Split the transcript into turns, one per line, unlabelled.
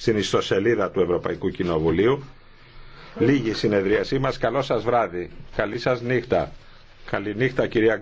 στην ιστοσελίδα του Ευρωπαϊκού Κοινοβουλίου. Λίγη συνεδρίασή μας. Καλό σας βράδυ. Καλή σας νύχτα. Καληνύχτα κυρία